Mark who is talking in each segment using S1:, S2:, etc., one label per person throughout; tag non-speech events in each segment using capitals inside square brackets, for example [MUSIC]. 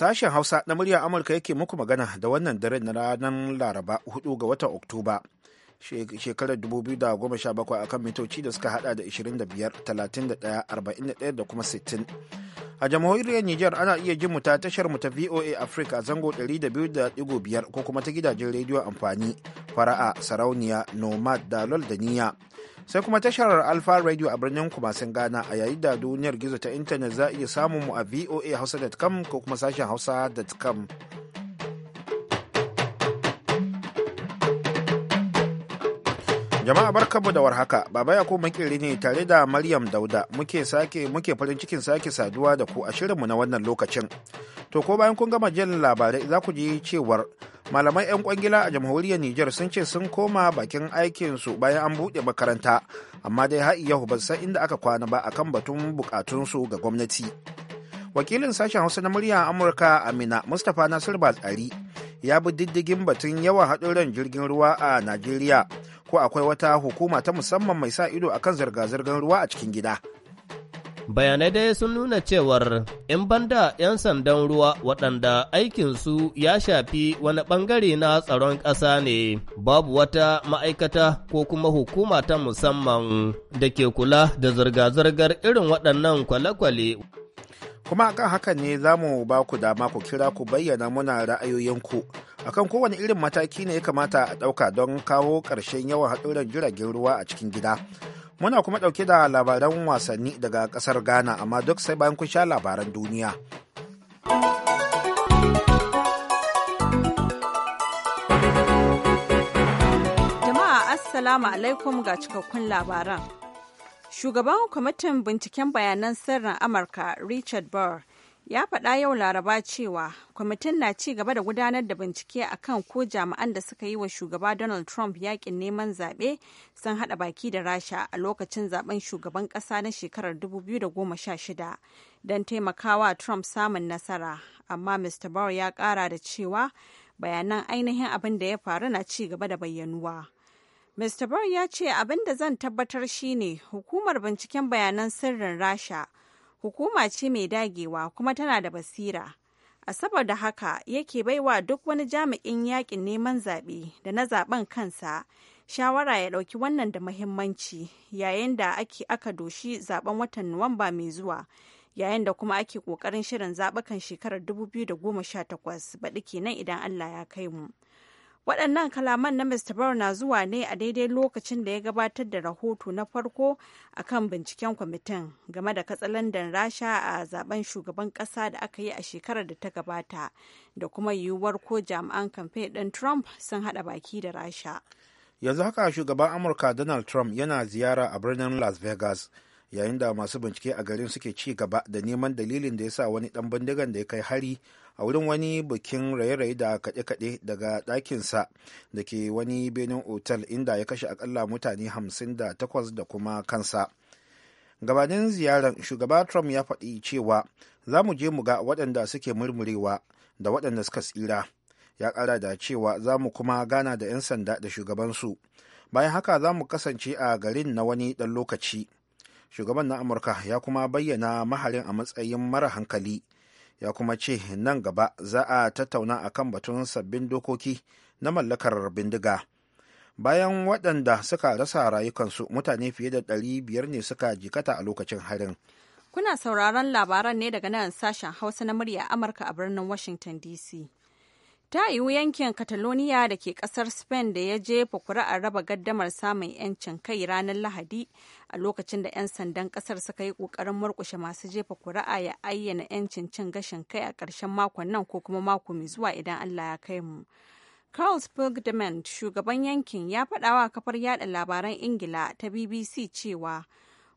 S1: Sashen Hausa na murya Amurka yake muku magana da wannan daren na ranar Laraba 4 ga watan Oktoba. shekarar 2017 akan mitoci da suka hada da 25 31 41 da kuma 60 a jamhuriyar Nijar ana iya jin mu ta tashar mu ta VOA Africa zango 200.5 ko kuma ta gidajen rediyo amfani fara'a sarauniya nomad dalol da niya sai kuma tashar alfa radio a birnin kumasin ghana a yayin da duniyar gizo ta intanet za a iya samun mu a voa hausa.com ko kuma sashen hausa.com Jama'a barkamu da warhaka, Baba yakub Makiri ne tare da Maryam Dauda muke sake muke farin cikin sake saduwa da ku a shirinmu na wannan lokacin. To ko bayan kun gama jin labarai za ku ji cewar malamai 'yan kwangila a jamhuriyar Nijar sun ce sun koma bakin aikinsu bayan an buɗe makaranta, amma dai har yau ban san inda aka kwana ba akan batun bukatunsu ga gwamnati. Wakilin sashen Hausa na murya Amurka Amina Mustapha Nasir Batsari ya bi diddigin batun yawan haɗuran jirgin ruwa a Najeriya ko akwai wata hukuma ta musamman mai sa ido akan zirga-zirgar ruwa a cikin gida.
S2: bayanai dai sun nuna cewar in banda 'yan sandan ruwa waɗanda aikinsu ya shafi wani ɓangare na tsaron ƙasa ne babu wata ma'aikata ko kuma hukuma ta musamman da ke kula da zirga-zirgar irin waɗannan kwale-kwale
S1: kuma akan haka ne za mu ba ku dama ku kira ku bayyana muna ra'ayoyinku akan kowane irin mataki ne ya kamata a ɗauka don kawo ƙarshen yawan haɗuran jiragen ruwa a cikin gida muna kuma ɗauke da labaran wasanni daga ƙasar ghana amma duk sai bayan kun sha labaran duniya
S3: jama'a assalamu alaikum ga cikakkun labaran shugaban kwamitin binciken bayanan sirrin amurka richard burr ya faɗa yau laraba cewa kwamitin na ci gaba da gudanar da bincike a kan ko jami'an da suka yi wa shugaba donald trump yakin neman zaɓe sun haɗa baki da rasha a lokacin zaben shugaban ƙasa na shekarar 2016 don taimakawa trump samun nasara amma mr barr ya ƙara da cewa bayanan ainihin abin da ya faru na ci gaba da bayyanuwa. mr barr ya ce abin da zan tabbatar shine hukumar binciken bayanan sirrin rasha hukuma ce mai dagewa kuma tana da basira a saboda haka yake baiwa duk wani jami'in yakin neman zaɓe da na zaɓen kansa shawara ya ɗauki wannan da mahimmanci yayin da ake aka doshi zaben watan nuwamba mai zuwa yayin da kuma ake ƙoƙarin shirin zaɓukan shekarar 2018 baɗi kenan idan allah ya kai mu. waɗannan kalaman na mr brown na zuwa ne a daidai lokacin da ya gabatar da rahoto na farko a kan binciken kwamitin game da katsalandan rasha a zaben shugaban ƙasa da aka yi a shekarar da ta gabata da kuma yiwuwar ko jami'an kamfe ɗin trump sun haɗa baki da rasha
S1: yanzu haka shugaban amurka donald trump yana ziyara a birnin las vegas yayin da masu bincike a garin suke ci gaba da neman dalilin da ya sa wani ɗan bindigan da ya kai hari a wurin wani bikin raye-raye da kaɗe-kaɗe daga ɗakinsa da ke wani benin otal inda ya kashe akalla mutane 58 da kuma kansa gabanin ziyarar shugaba trump ya faɗi cewa za mu je mu ga waɗanda suke murmurewa da waɗanda suka tsira ya ƙara da cewa za mu kuma gana da 'yan sanda da shugabansu bayan haka za mu kasance a garin na wani ɗan lokaci shugaban na amurka ya kuma bayyana maharin a matsayin mara hankali ya kuma ce nan gaba za a tattauna a kan batun sabbin dokoki na mallakar bindiga bayan waɗanda suka rasa rayukansu mutane fiye da ɗari biyar ne suka jikata a lokacin harin
S3: kuna sauraron labaran ne daga nan sashen hausa na murya amurka a birnin washington dc ta yiwu yankin catalonia da ke kasar spain da ya jefa kuri'ar raba gaddamar samun 'yancin kai ranar lahadi a lokacin da 'yan sandan kasar suka yi kokarin murkushe masu jefa kuri'a ya ayyana 'yancin cin gashin kai a ƙarshen makon nan ko kuma mako mai zuwa idan allah ya kai mu Carl Spurgdement, shugaban yankin, ya faɗawa kafar yada labaran Ingila ta BBC cewa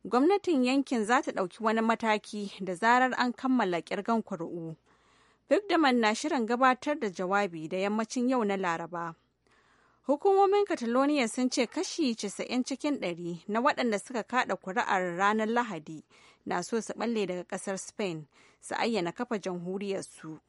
S3: gwamnatin yankin za ta ɗauki wani mataki da zarar an kammala ƙirgan kuri'u. Birgdaman na shirin gabatar da jawabi da yammacin yau na Laraba. Hukumomin Catalonia sun ce kashi 90 cikin 100 na waɗanda suka kaɗa ƙuri'ar ranar Lahadi na so su ɓalle daga ƙasar Spain su ayyana kafa jamhuriyarsu. su.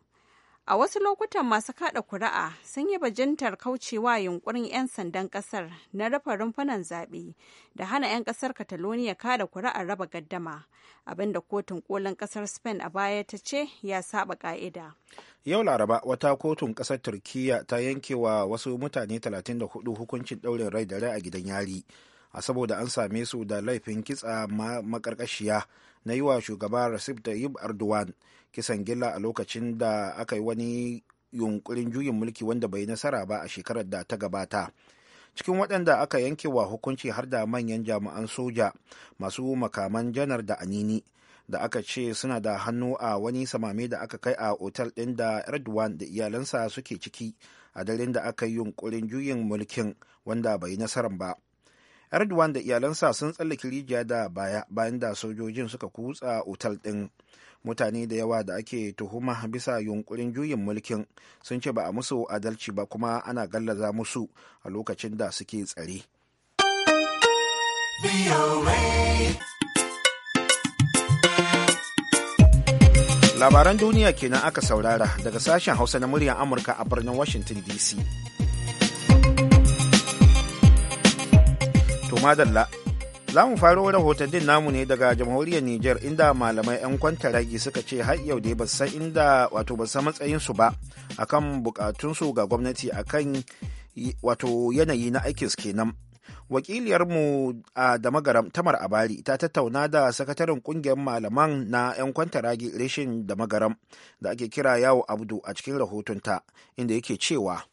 S3: A wasu lokutan masu kada kuri'a sun yi bajintar kaucewa yunkurin 'yan sandan kasar na rufe rumfunan zaɓe da hana 'yan kasar Catalonia kada kuri'a raba gaddama, abinda kotun kolin kasar Spain a baya ta ce ya saba ka'ida.
S1: Yau Laraba wata kotun kasar Turkiyya ta yanke wa wasu mutane 34 hukuncin ɗaurin rai da rai a gidan yari. a saboda an same su da laifin kitsa makarkashiya na yi wa shugaba Recep Tayyip Erdogan kisan gilla a lokacin da aka yi wani yunkurin juyin mulki wanda bai nasara ba a shekarar da ta gabata cikin waɗanda aka yanke wa hukunci har da manyan jami'an soja masu makaman janar da anini da aka ce suna da hannu a wani samame da aka kai a otal ɗin da erdogan da iyalansa suke ciki a daren da aka yi yunkurin juyin mulkin wanda bai nasarar ba erdogan da iyalansa sun tsallake rijiya da baya bayan da sojojin suka kutsa otal ɗin mutane da yawa da ake tuhuma bisa yunkurin juyin mulkin sun ce ba a musu adalci ba kuma ana gallaza musu a lokacin da suke tsare labaran duniya kenan aka saurara daga sashen hausa na muryar amurka a birnin washington dc to madalla Za mu faro rahotannin namu ne daga jamhuriyar Nijar inda malamai 'yan ragi suka ce har yau dai ba san inda wato ba san matsayinsu ba akan bukatunsu ga gwamnati akan wato yanayi na aikin kenan. Wakiliyarmu a Damagaram Tamar Abari ta tattauna da sakataren kungiyar malaman na 'yan ragi reshin Damagaram da ake kira yawo Abdu a cikin rahotonta inda yake cewa.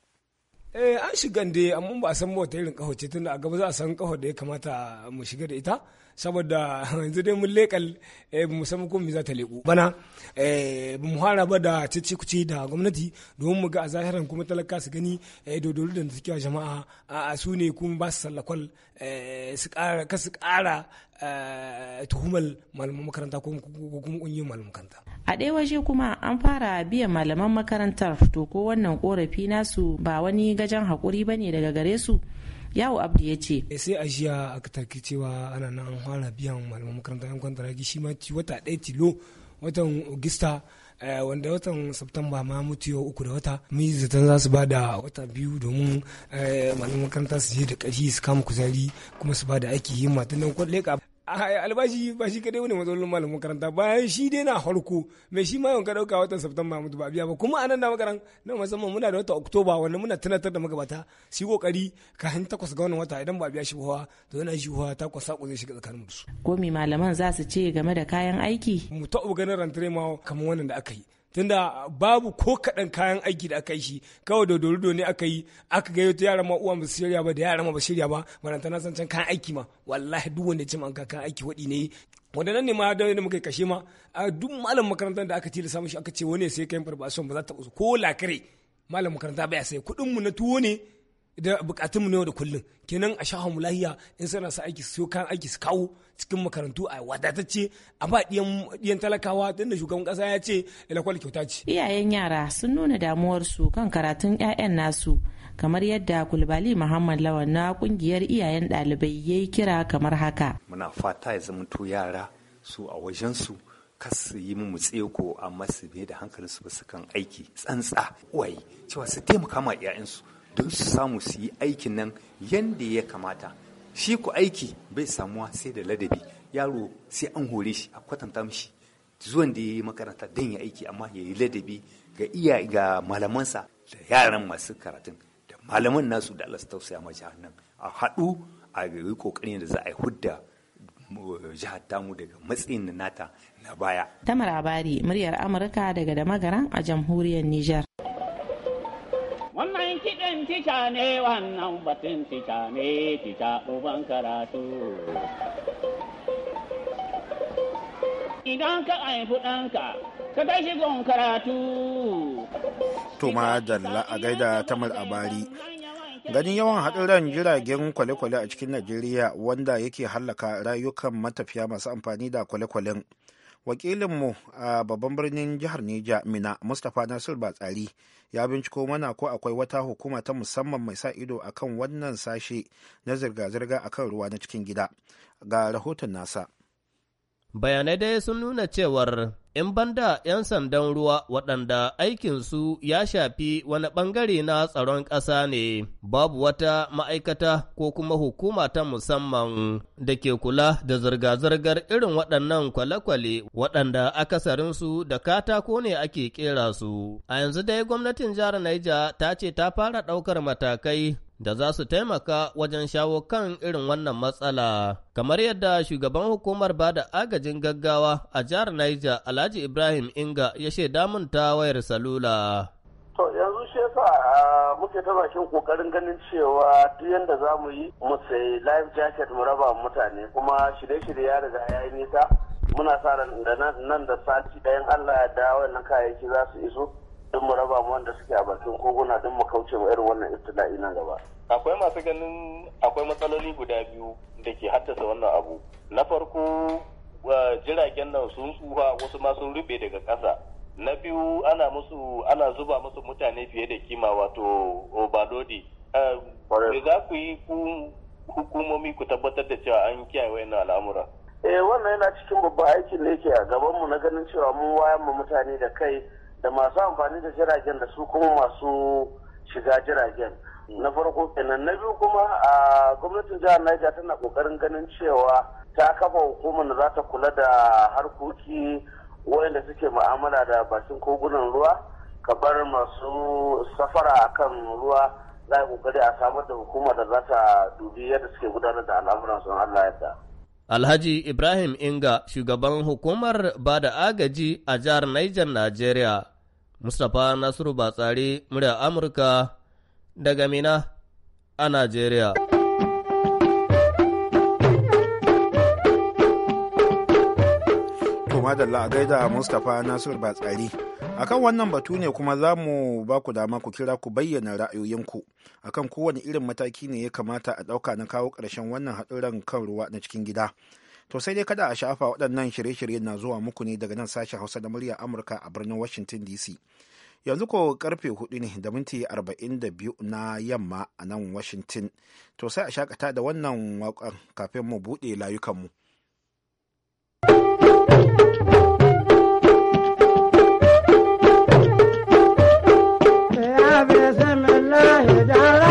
S4: eh an shigan dai amma ba a san mota irin kaho ce tunda a gaba za a san kaho da ya kamata mu shiga da ita saboda [LAUGHS] yanzu dai mun lekal eh, mu samu ko za ta leku bana eh, mu hara ba da cici kuci da gwamnati domin mu ga a zahiran kuma talaka su gani eh, dodori da suke jama'a a su ne kuma ba su sallakwal kara ka su kara tuhumar malaman makaranta ko kuma ƙungiyar malaman makaranta
S3: a ɗaya waje kuma an fara biyan malaman makarantar to ko wannan korafi nasu ba wani gajan hakuri ne daga gare su yawo abdu ya ce eh, sai a jiya aka tarki
S4: cewa ana nan an fara biyan malaman makaranta yan ragi shi ma wata ɗaya tilo watan ogista eh, wanda watan septemba ma mutu yau uku da wata mun zaton za su ba da wata biyu domin eh, malaman makaranta su je da ƙarfi su kama kuzari kuma su ba da aiki yin matan nan kwalle albashi ba shi kadai wani matsalolin malam makaranta bayan shi dai na harko mai shi ma yawan ka dauka watan Septemba mutu ba biya ba kuma anan da makaran na musamman muna da wata Oktoba wanda muna tunatar da magabata shi kokari ka hin takwas ga wannan wata idan ba biya shi ba to yana shi ba takwas sako zai shiga tsakanin
S3: su ko malaman za su ce game da kayan aiki
S4: mu ta ganin rantare ma kamar wannan da aka yi tunda babu ko kaɗan kayan aiki da aka yi shi kawai da dorido ne aka yi aka gayo ta yara ma uwa ba shirya ba da yara ma ba shirya ba baranta na san can kayan aiki ma wallahi duk wanda ce an kayan aiki waɗi ne wanda nan ne ma da muka kashe ma duk malam makarantar da aka samun shi aka ce wani sai kayan farfason ba za ta ko lakare malam makaranta ya sai kuɗin mu na tuwo ne da bukatunmu ne da kullum kenan a shahamu lahiya in suna sa aiki su kan aiki su kawo cikin makarantu a wadatacce a ba diyan talakawa tun da shugaban kasa ya ce ilakwal kyauta ce iyayen
S3: yara sun nuna damuwarsu kan karatun 'ya'yan nasu kamar yadda kulbali muhammad lawan na kungiyar iyayen ɗalibai ya yi kira kamar haka
S4: muna fata ya zama yara su a wajen su su yi mu tseko amma su bai da su ba su kan aiki tsantsa wai cewa su taimaka ma 'ya'yansu don su samu su yi aikin nan yadda ya kamata shi ku aiki bai samuwa sai da ladabi yaro sai an hore shi a kwatanta mishi zuwan da ya yi makaranta don ya aiki amma ya yi ladabi ga iya ga malamansa da yaran masu karatun da malaman nasu da Allah tausaya ma jihar nan a haɗu a yi kokarin da za a yi hudda eh, jihar tamu daga matsayin nata na baya.
S3: Tamar Abari, muryar Amurka daga da a jamhuriyar Nijar.
S5: batun tica ne wannan batun tica ne tica uban karatu. Idan ka haifi ɗanka,
S2: ka kai shi gon karatu.
S1: Tuma Jalla a gaida Tamar Abari. Ganin yawan haɗuran jiragen kwale-kwale a cikin Najeriya wanda yake hallaka rayukan matafiya masu amfani da kwale-kwalen. kwale kwalen wakilinmu a babban birnin jihar Neja Mina Mustapha Nasir Batsari ya binciko mana ko akwai wata hukuma ta musamman mai sa ido akan wannan sashe na zirga-zirga kan ruwa na cikin gida
S2: ga rahoton nasa. Bayanai dai sun nuna cewar in banda 'yan sandan ruwa waɗanda aikinsu ya shafi wani ɓangare na tsaron ƙasa ne, babu wata ma'aikata ko kuma hukuma ta musamman da ke kula da zirga-zirgar irin waɗannan kwale-kwale waɗanda akasarinsu da katako ne ake ƙera su. A yanzu dai gwamnatin jihar Naija ta ce ta fara ɗaukar matakai da za su taimaka wajen shawo kan irin wannan matsala. Kamar yadda shugaban hukumar ba da agajin gaggawa a jihar Niger Alhaji Ibrahim Inga ya shaida damun ta wayar salula. To yanzu shi
S6: yasa muke ta bakin kokarin ganin cewa duk yadda za mu yi mu sayi life jacket mu raba mutane kuma shirye-shirye ya riga ya yi nisa muna sa da nan da sati ɗayan Allah ya da wannan kayayyaki za su iso duk mu raba mu wanda suke a bakin koguna duk mu kauce wa irin wannan istila'i nan gaba. Akwai masu ganin akwai matsaloli guda biyu da ke haddasa
S2: wannan abu. Na farko jiragen nan sun tsufa wasu ma sun daga ƙasa na biyu ana musu ana zuba musu mutane fiye da kima wato obalodi eh, me za ku yi hukumomi ku tabbatar da cewa an kiyaye wayannan al'amura
S6: eh wannan yana cikin babban aikin da yake a gaban mu na ganin cewa mu wayan mu mutane da kai da masu amfani da jiragen da su kuma masu shiga jiragen na farko kenan na biyu kuma a gwamnatin jihar Niger tana kokarin ganin cewa ta kafa hukumar da za ta kula da harkoki wayanda suke mu'amala da bakin kogunan ruwa kabar masu safara akan ruwa za a kokari a samar da hukumar da za ta dubi yadda suke gudanar da al'amuran sun Allah
S2: yadda. Alhaji Ibrahim Inga, shugaban hukumar ba da agaji a jihar Niger, Najeriya. Mustapha Nasiru Batsari, murya Amurka, daga Mina a Najeriya.
S1: madalla a gaida mustapha nasir batsari akan wannan batu ne kuma za mu ba ku dama ku kira ku bayyana ra'ayoyinku akan kowane irin mataki ne ya kamata a ɗauka na kawo ƙarshen wannan haɗuran kan ruwa na cikin gida to sai dai kada a shafa waɗannan shirye shiryen na zuwa muku ne daga nan sashen hausa da murya amurka a birnin washington dc yanzu ko karfe hudu ne da minti biyu na yamma a nan washington to sai a shakata da wannan wakan kafin mu bude layukanmu
S5: Ya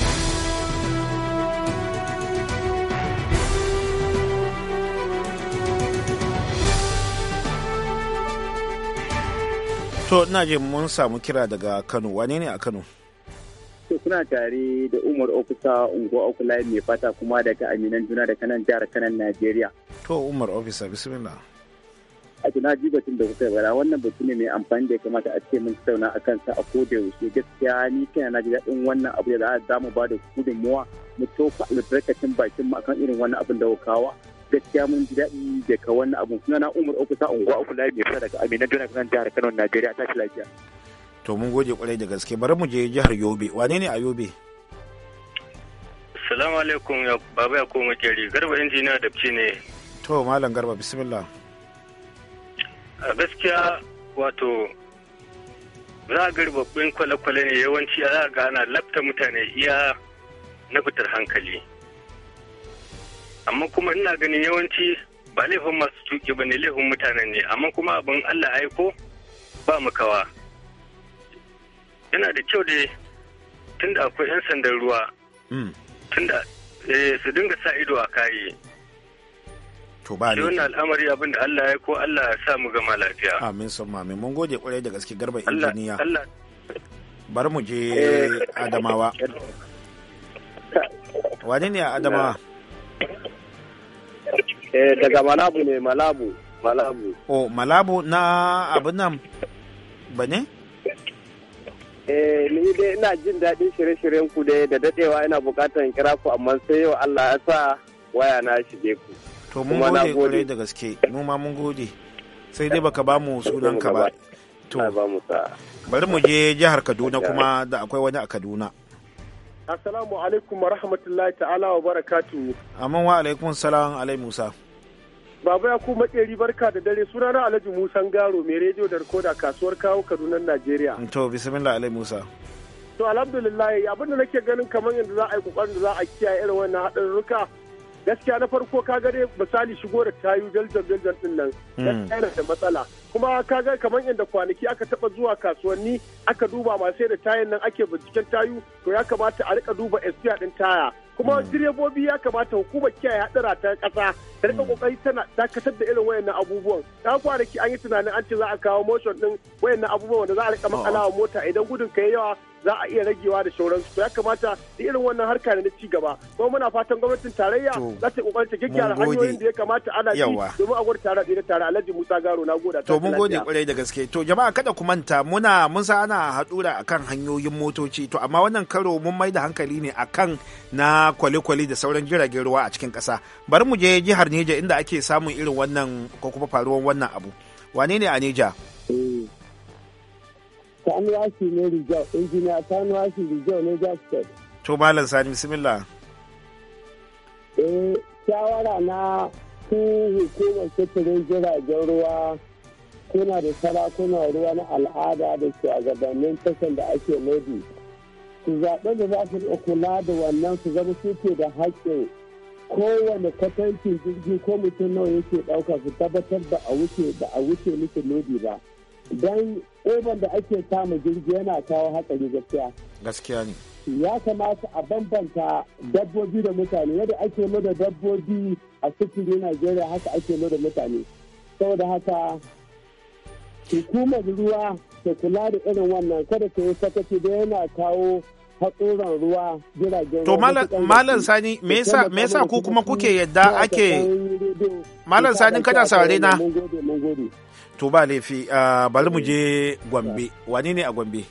S1: to ina je mun samu kira daga kano wane ne a kano
S6: to kuna tare da umar ofisa unguwa okulai mai fata kuma daga aminan juna da kanan jihar kanan najeriya
S1: to umar ofisa bismillah
S6: a tuna ji batun da kuka gara wannan batun ne mai amfani da ya kamata a ce mun tattauna a kansa a koda yaushe gaskiya ni kana na ji daɗin wannan abu da za mu ba da gudunmuwa mu tofa albarkacin bakin mu akan irin wannan abin da kawo gaskiya mun ji daɗi daga wannan abu suna na umar uku sa unguwa uku layi mai fita daga amina jona kan jihar kano najeriya tashi lafiya
S1: to mun gode kwarai da gaske bari mu je jihar yobe wane ne a yobe
S6: salamu alaikum baba ya koma kere garba injiniya da ne
S1: to malam garba bismillah
S6: a gaskiya wato za a gari babban kwale-kwale ne yawanci a za a gana lafta mutane iya na fitar hankali amma kuma ina ganin yawanci ba laifin masu tuki ba ne laifin mutanen ne amma kuma abin allah aiko ba makawa yana da kyau da tunda akwai 'yan sandan ruwa hmm. tunda eh, su dinga sa ido a kayi to ba ne wannan al'amari abin da allah ya ko allah ya sa mu gama lafiya
S1: amin sun mamin mun gode kwarai da gaske garba injiniya bar mu je eh, adamawa wane
S6: ne a adamawa Eh, daga Malabu ne, Malabu. Malabu.
S1: Oh, Malabu
S6: na abin nan ba ne? Eh, ni dai ina jin daɗin shirye-shiryen ku dai da daɗewa ina buƙatar kira ku amma sai yau Allah ya sa waya na shige ku. To mun gode kwarai
S1: da gaske, mu ma mun gode. Sai dai baka ba mu sunan ka ba. To, bari mu je jihar Kaduna kuma da akwai wani a Kaduna.
S6: Assalamu alaikum wa rahmatullahi ta'ala wa barakatu.
S1: Amin wa alaikum salam alai Musa.
S6: Baba ya ku makeri barka da dare sunana Alhaji Musa Garo mai rediyo da rikoda kasuwar kawo kadunan Najeriya.
S1: To bismillah alai Musa.
S6: To alhamdulillah abin da nake ganin kamar yadda za a yi kokarin da za a kiyaye irin wannan ruka. gaskiya na farko ka ga misali shigo da tayu belgium belgium din nan hmm. gaskiya yana da matsala kuma ka ga kamar inda kwanaki aka taba zuwa kasuwanni aka duba ma sai da tayan nan ake binciken tayu to ya kamata a rika duba SPR din taya kuma hmm. direbobi ya kamata hukumar kiyaye hadura ta kasa ta rika kokari hmm. tana dakatar da irin wayannan abubuwan ta kwanaki an yi tunanin an ce za a kawo motion din wayannan abubuwan wanda za a rika makalawa mota idan gudun ka yawa za a iya ragewa da sauransu to ya kamata da irin wannan harka ne na ci gaba kuma muna fatan gwamnatin tarayya za ta kokarin ta gyaggyara hanyoyin da ya kamata ana bi domin a gurin tare da tare Alhaji Musa Garo na goda to mun gode kwarai
S1: da gaske to jama'a kada ku manta muna mun sa ana hadura akan hanyoyin motoci to amma wannan karo mun mai da hankali ne akan na kwale da sauran jiragen ruwa a cikin kasa bari mu je jihar Neja inda ake samun irin wannan ko kuma faruwar wannan abu wane ne a Neja?
S6: Tanuwasi ne Rijau, injiniya Tanuwasi Rijau ne Jasper.
S1: To Malam Sani bismillah.
S6: Eh, shawara na ku hukumar sufurin jiragen ruwa kuna da sarakunan ruwa na al'ada da shugabannin tashan da ake lodi. Su zaɓe da za su kula da wannan su zama suke da haƙƙin kowane kwatancin jirgi ko mutum nawa yake ɗauka su tabbatar da a wuce da a wuce musu lodi ba. Don oban da ake kama jirgi yana kawo hatsari gaskiya gaskiya ne ya kamata a bambanta dabbobi da mutane yadda ake loda dabbobi a sufuri najeriya haka ake loda mutane saboda haka hukumar ruwa ta kula da irin wannan kada ta yi sakaci da yana kawo hatsuran ruwa jiragen to malam sani me yasa ku kuma kuke yadda ake malam sani kada sare na
S1: to ba laifi bari mu je gombe wani ne a gombe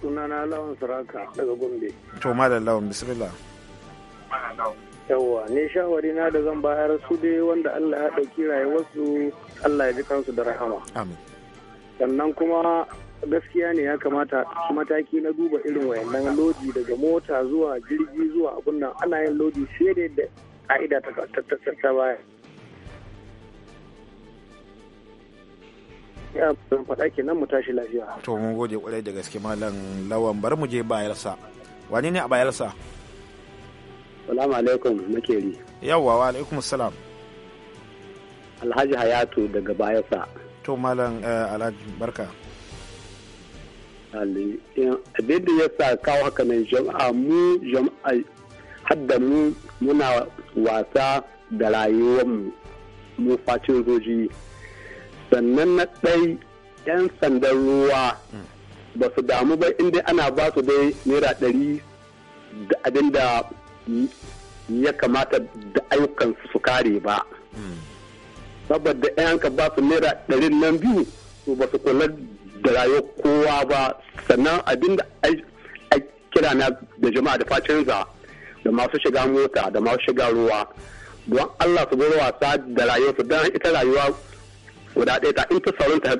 S6: sunana lawan saraka daga gombe
S1: to malam lawan bismillah
S6: yawwa ne shawari na da zan bayar su dai wanda Allah ya ɗauki rayuwarsu Allah ya ji kansu da rahama amin sannan kuma gaskiya ne ya kamata mataki na duba irin wayannan lodi daga mota zuwa jirgi zuwa abun nan ana yin lodi sai da ka'ida ta baya ya zan faɗa kenan mu tashi lafiya
S1: to mun gode kwarai da gaske malam lawan bar mu je bayelsa wani ne a bayelsa
S6: salamu alaikum makeri yawwa wa
S1: alaikum salam
S6: alhaji hayatu daga bayelsa
S1: to malam eh, alhaji barka
S6: eh, abin da ya sa kawo haka nan jama'a mu jama'a hadda mu muna wasa da rayuwar mu facin zoji sannan na ɗai 'yan sandan ruwa hmm. ba su damu ba inda ana ba su dai naira ɗari da abinda ya kamata da ayyukansu su kare ba hmm. saboda 'yan ka ba su naira ɗari nan biyu su ba su kula da rayuwar kowa ba sannan abinda a kira na da jama'a da facin za da masu shiga mota da masu shiga ruwa don allah su bar wasa da rayuwarsu don ita rayuwa guda ɗaya ta in ta saurin ta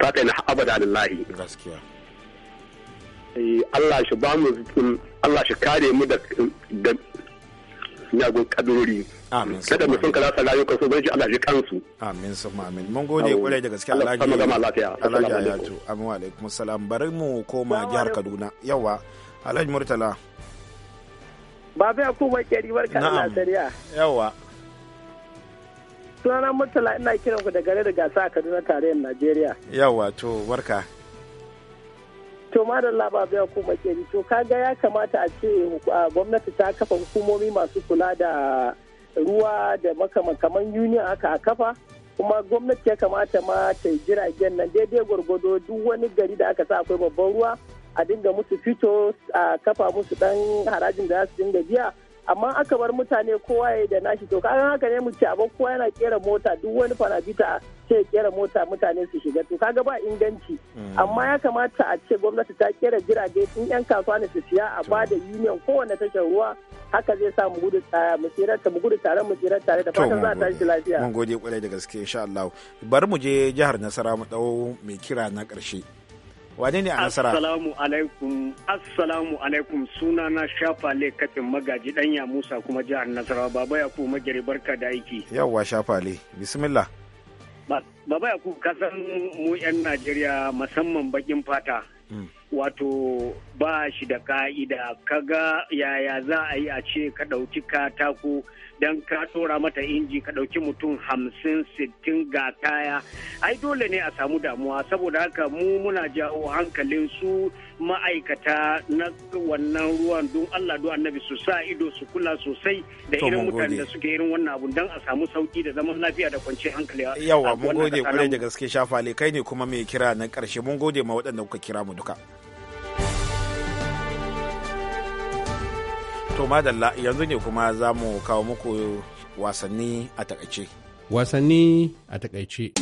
S6: ta kai na abada lillahi gaskiya eh, Allah shi ba mu Allah shi kare mu da miyagun kadurori
S1: kada mu sun kaza sa rayukan su barji Allah shi kansu amin sun amin mun gode kwarai da gaske Allah Allah ya yi Alhaji Alhaji Ayatu amin wa alaikum salam bari mu koma jihar Kaduna yawa Alhaji Murtala
S6: ba zai ku ba kari barka Allah sariya yawa sunana murtala ina kiran ku da gare da gasa a kaduna tarayyar najeriya
S1: yawa to warka.
S6: to madalla ba biya ku makeri to kaga ya kamata a ce gwamnati ta kafa hukumomi masu kula da ruwa da makamakaman union aka a kafa kuma gwamnati ya kamata ma ta jiragen nan daidai gwargwado duk wani gari da aka sa akwai babban ruwa a dinga musu fito a kafa musu dan harajin da za su dinga biya amma aka bar mutane kowa ya da nashi to kaga haka ne mu ce abin kowa yana kera mota duk wani farajita ce ya kera mota mutane su shiga to kaga ba inganci mm. amma ya kamata a ce gwamnati ta kera jirage tun yan kasuwa ne su siya a ba da union kowane tashar ruwa haka zai sa mu gudu tsaya mu tsira ta mu gudu tare mu tsira tare da fatan za ta shi lafiya mun gode
S1: kwarai da gaske insha Allah bari mu je jihar Nasarawa mu dau mai kira na karshe wane ne a nasara assalamu
S6: alaikum assalamu alaikum suna na shafa le magaji danya musa kuma jihar nasarawa baba ya ku magiri barka da aiki
S1: yawwa shafa le bismillah
S6: baba ya ku kasan mu yan najeriya musamman bakin fata hmm.
S4: wato ba shi da ka'ida kaga yaya
S6: za a yi a ce ka ɗauki katako don ka tora mata inji ka ɗauki mutum hamsin sittin ga kaya ai dole ne a samu damuwa saboda haka mu muna jawo hankalin su ma'aikata na wannan ruwan don Allah don annabi su sa ido su kula sosai da irin mutane da suke irin wannan abun don a samu sauki da zaman lafiya da kwanciyar hankali yawa mun gode kwarai da
S1: gaske shafale kai ne kuma mai kira na karshe mun gode ma waɗanda kuka kira mu duka to madalla yanzu ne kuma za mu kawo muku wasanni a takaice
S7: wasanni a takaice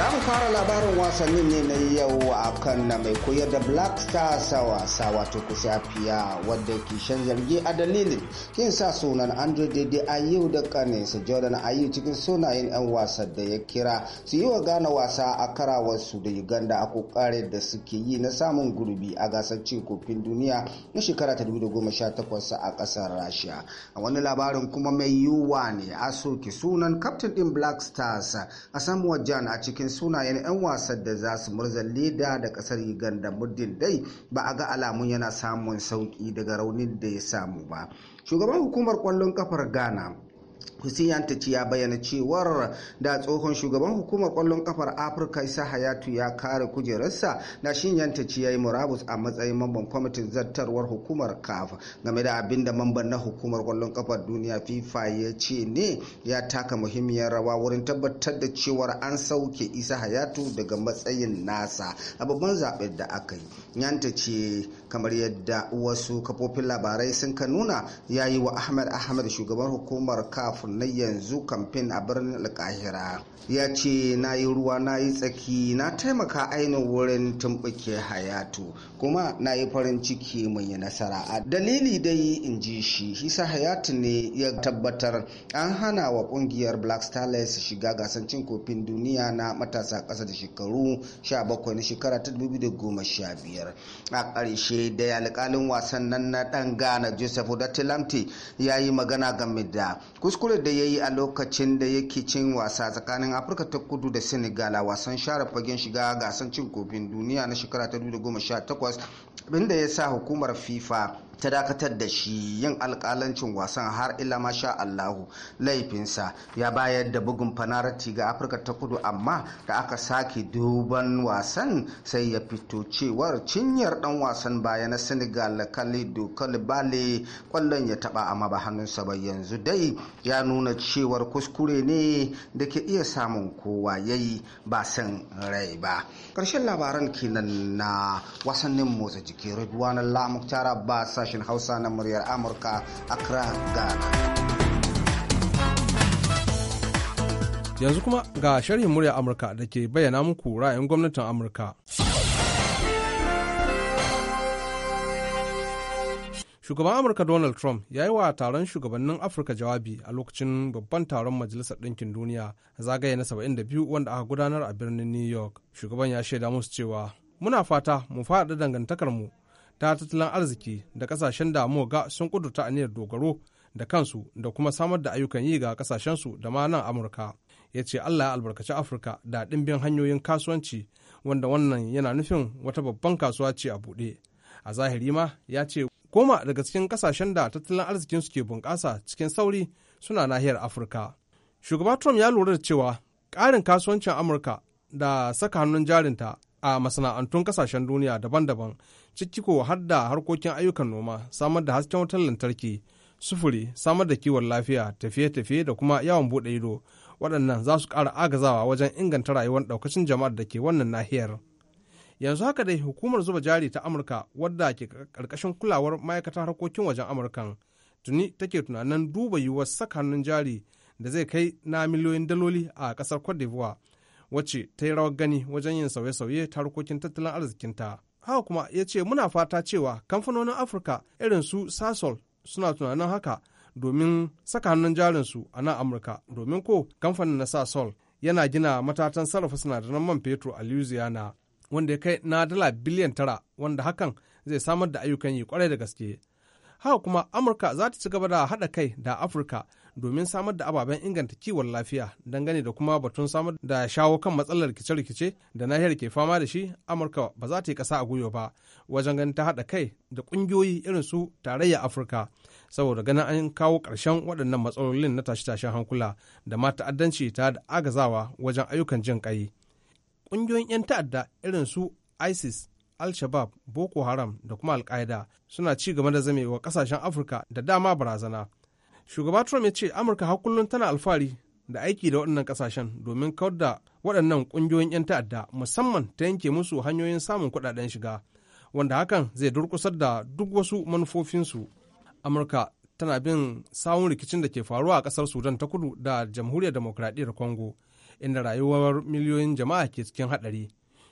S5: Za mu fara labarin wasannin ne na yau a kan na mai koyar da Black Stars wasa wato kusafiya wadda ke shan zargi a dalilin kin sa sunan Andre Dede Ayew da kaninsa Jordan Ayew cikin sunayen 'yan wasa da ya kira su yi wa gane wasa a karawarsu da Uganda a kokarin da suke yi na samun gurbi a gasar cin kofin duniya na shekara ta 2018 a kasar Rasha. A wani labarin kuma mai yiwuwa ne a soke sunan kaftin din Black Stars a samuwar Jan a cikin sunayen 'yan wasan da za su murza leda da kasar uganda muddin dai ba a ga alamun yana samun sauki daga raunin da ya samu ba shugaban hukumar kwallon kafar ghana Hussein ta ya bayyana cewar da tsohon shugaban hukumar kwallon kafar Afirka Isa Hayatu ya kare kujerarsa da shin yanta ya yi murabus a matsayin mamban kwamitin zartarwar hukumar CAF game da abin da mamban na hukumar kwallon kafar duniya FIFA ya ce ne ya taka muhimmiyar rawa wurin tabbatar da cewar an sauke Isa Hayatu daga matsayin nasa a babban zaɓen da aka yi. ce kamar yadda wasu kafofin labarai sun ka nuna ya yi wa Ahmed Ahmed shugaban hukumar CAF Na yanzu kamfen a birnin alkahira ya ce na yi ruwa na yi tsaki na taimaka ainihin wurin tumbuke hayatu kuma na yi farin ciki mai nasara a dalili dai in ji shi hisa hayatu ne ya tabbatar an hana wa kungiyar black stars shiga gasar cin kofin duniya na matasa kasa da shekaru 17 na shekara ta 2015 a ƙarshe da alƙalin wasan nan na ɗan ghana joseph odatilamte ya yi magana game da kuskure da ya yi a lokacin da yake cin wasa tsakanin afirka ta kudu da senegal a wasan share fagen shiga gasar cin kofin duniya na shekara ta 2018 august abinda ya sa hukumar fifa ta dakatar da shi yin alkalancin wasan har ila masha Allahu laifinsa ya bayar da bugun fanarati ga Afirka ta kudu amma da aka sake duban wasan sai ya fito cewar cinyar dan wasan baya na Senegal kalidu kalibale kwallon ya taba amma ba hannunsa ba yanzu dai ya nuna cewar kuskure ne da ke iya samun kowa yayi ba san rai ba ƙarshen labaran kenan na wasannin motsa jiki Ridwan Allah Muktar Abbas sashen Hausa na muryar Amurka Accra, Ghana.
S7: Yanzu kuma ga sharhin muryar Amurka da ke bayyana muku ra'ayin gwamnatin Amurka. shugaban amurka donald trump ya yi wa taron shugabannin afirka jawabi a lokacin babban taron majalisar ɗinkin duniya a zagaye na 72 wanda aka gudanar a birnin new york shugaban ya shaida musu cewa muna fata mu faɗa dangantakarmu ta tattalin arziki da kasashen da ga sun a aniyar dogaro da kansu da kuma samar da ayyukan yi ga su da ma nan amurka ya ce allah ya albarkaci afirka da ɗimbin hanyoyin kasuwanci wanda wannan yana nufin wata babban kasuwa ce a buɗe a zahiri ma ya ce koma daga cikin kasashen da tattalin arzikin su ke bunƙasa cikin sauri suna nahiyar afirka shugaba trump ya lura da cewa ƙarin kasuwancin amurka da saka hannun jarinta a masana'antun kasashen duniya daban-daban cikkiko har da harkokin ayyukan noma samar da hasken wutar lantarki sufuri samar da kiwon lafiya tafiye-tafiye da kuma yawon bude ido waɗannan za su ƙara agazawa wajen inganta rayuwar ɗaukacin jama'ar da ke wannan nahiyar yanzu haka dai hukumar zuba jari ta amurka wadda ke ƙarƙashin kulawar ma'aikatar harkokin wajen amurkan tuni take tunanin duba yiwuwar saka hannun jari da zai kai na miliyoyin daloli a ƙasar cote d'ivoire wacce ta yi rawar gani wajen yin sauye-sauye ta harkokin tattalin arzikinta haka kuma ya ce muna fata cewa kamfanonin afirka irin su sasol suna tunanin haka domin saka hannun jarinsu a nan amurka domin ko kamfanin na sasol yana gina matatan sarrafa sinadaran man fetur a louisiana wanda ya kai na dala biliyan tara wanda hakan zai samar da ayyukan yi kwarai da gaske haka kuma amurka za ta ci gaba da haɗa kai da afirka domin samar da ababen inganta kiwon lafiya dangane da kuma batun samar da shawo kan matsalar rikice-rikice da nahiyar ke fama da shi amurka ba za ta yi ƙasa a gwiwa ba wajen ganin ta haɗa kai da ƙungiyoyi irin su tarayya afirka saboda ganin an kawo ƙarshen waɗannan matsalolin na tashe-tashen hankula da ma ta'addanci ta da agazawa wajen ayyukan jin ƙai ƙungiyoyin 'yan ta'adda irin su isis al-shabab boko haram da kuma al suna ci gaba da zamewa ƙasashen afirka da dama barazana shugaba trump ya ce amurka har kullum tana alfahari da aiki da waɗannan ƙasashen domin kawar da waɗannan ƙungiyoyin 'yan ta'adda musamman ta yanke musu hanyoyin samun kuɗaɗen shiga wanda hakan zai durƙusar da duk wasu manufofinsu amurka tana bin samun rikicin da ke faruwa a ƙasar sudan ta kudu da jamhuriyar demokradiyyar congo inda rayuwar miliyoyin jama'a ke cikin haɗari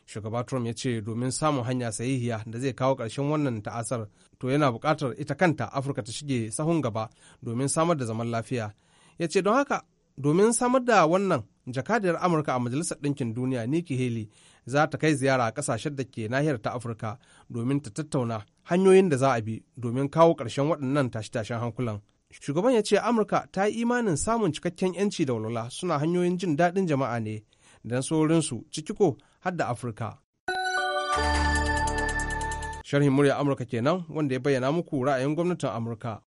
S7: shugaba trump ya ce domin samun hanya sahihiya da zai kawo ƙarshen wannan ta'asar to yana buƙatar ita kanta afirka ta shige sahun gaba domin samar da zaman lafiya ya ce don haka domin samar da wannan jakadiyar amurka a majalisar ɗinkin duniya nikki haley za ta kai ziyara a ƙasashen da ke nahiyar ta afirka domin ta tattauna hanyoyin da za a bi domin kawo ƙarshen waɗannan tashe-tashen hankulan shugaban ya ce amurka ta yi imanin samun cikakken yanci da walwala suna hanyoyin jin daɗin jama'a ne don saurinsu ciki ko har Afirka. Sharhin murya Amurka kenan wanda ya bayyana muku ra'ayin gwamnatin Amurka.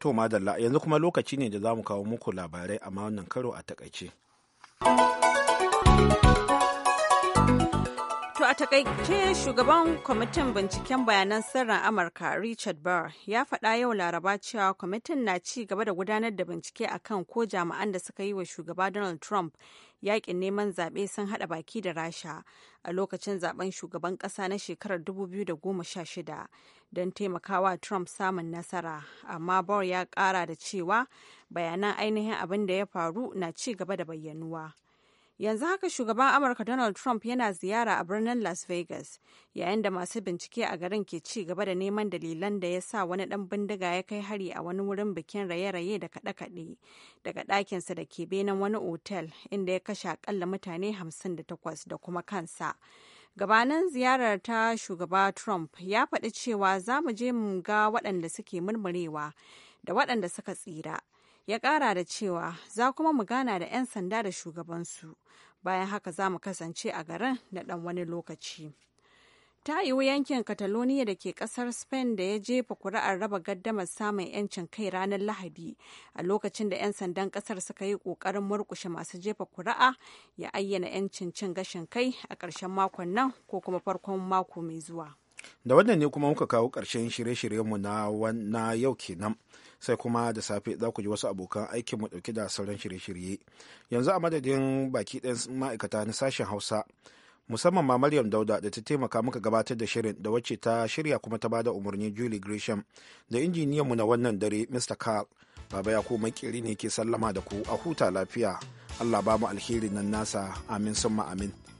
S7: To madalla yanzu kuma
S1: lokaci ne da za mu kawo muku labarai amma wannan karo a takaice.
S3: To a takaice shugaban kwamitin binciken bayanan sirrin Amurka Richard Burr ya faɗa yau laraba cewa kwamitin na ci gaba da gudanar da bincike akan ko jami'an da suka yi wa shugaba Donald Trump yakin neman zaɓe sun haɗa baki da rasha a lokacin zaben shugaban ƙasa na shekarar 2016 don taimakawa trump samun nasara amma bor ya ƙara da cewa bayanan ainihin abin da ya faru na ci gaba da bayyanuwa Yanzu haka shugaban Amurka Donald Trump yana ziyara a birnin Las Vegas, yayin da masu bincike a garin ke ci gaba da neman dalilan da ya sa wani dan bindiga ya kai hari a wani wurin bikin raye-raye da kaɗe-kaɗe daga ɗakinsa da ke benen wani otel inda ya kashe akalla mutane 58 da kuma kansa. gabanin ziyarar ta shugaba trump ya faɗi cewa za mu je mu ga waɗanda suke murmurewa da waɗanda suka tsira ya ƙara da cewa za kuma mu gana da 'yan sanda da shugabansu bayan haka za mu kasance a garin da ɗan wani lokaci. ta yiwu yankin catalonia da ke kasar spain da ya jefa kuri'ar raba gaddamar samun yancin kai ranar lahadi a lokacin da 'yan sandan kasar suka yi kokarin murkushe masu jefa kuri'a ya ayyana yancin cin gashin kai a ƙarshen makon nan ko kuma farkon mako mai zuwa
S1: da wannan ne kuma muka kawo ƙarshen shirye-shiryenmu na yau kenan sai kuma da safe za ku ji wasu abokan aikinmu ɗauki da sauran shirye-shirye yanzu a madadin baki ɗan ma'aikata na sashen hausa musamman ma maryam dauda da ta taimaka muka gabatar da shirin da wacce ta shirya kuma ta bada umarni julie gresham da mu na wannan dare mr carl baba ya ko makiri ne ke sallama da ku a huta lafiya allah ba mu alherin nan nasa amin summa amin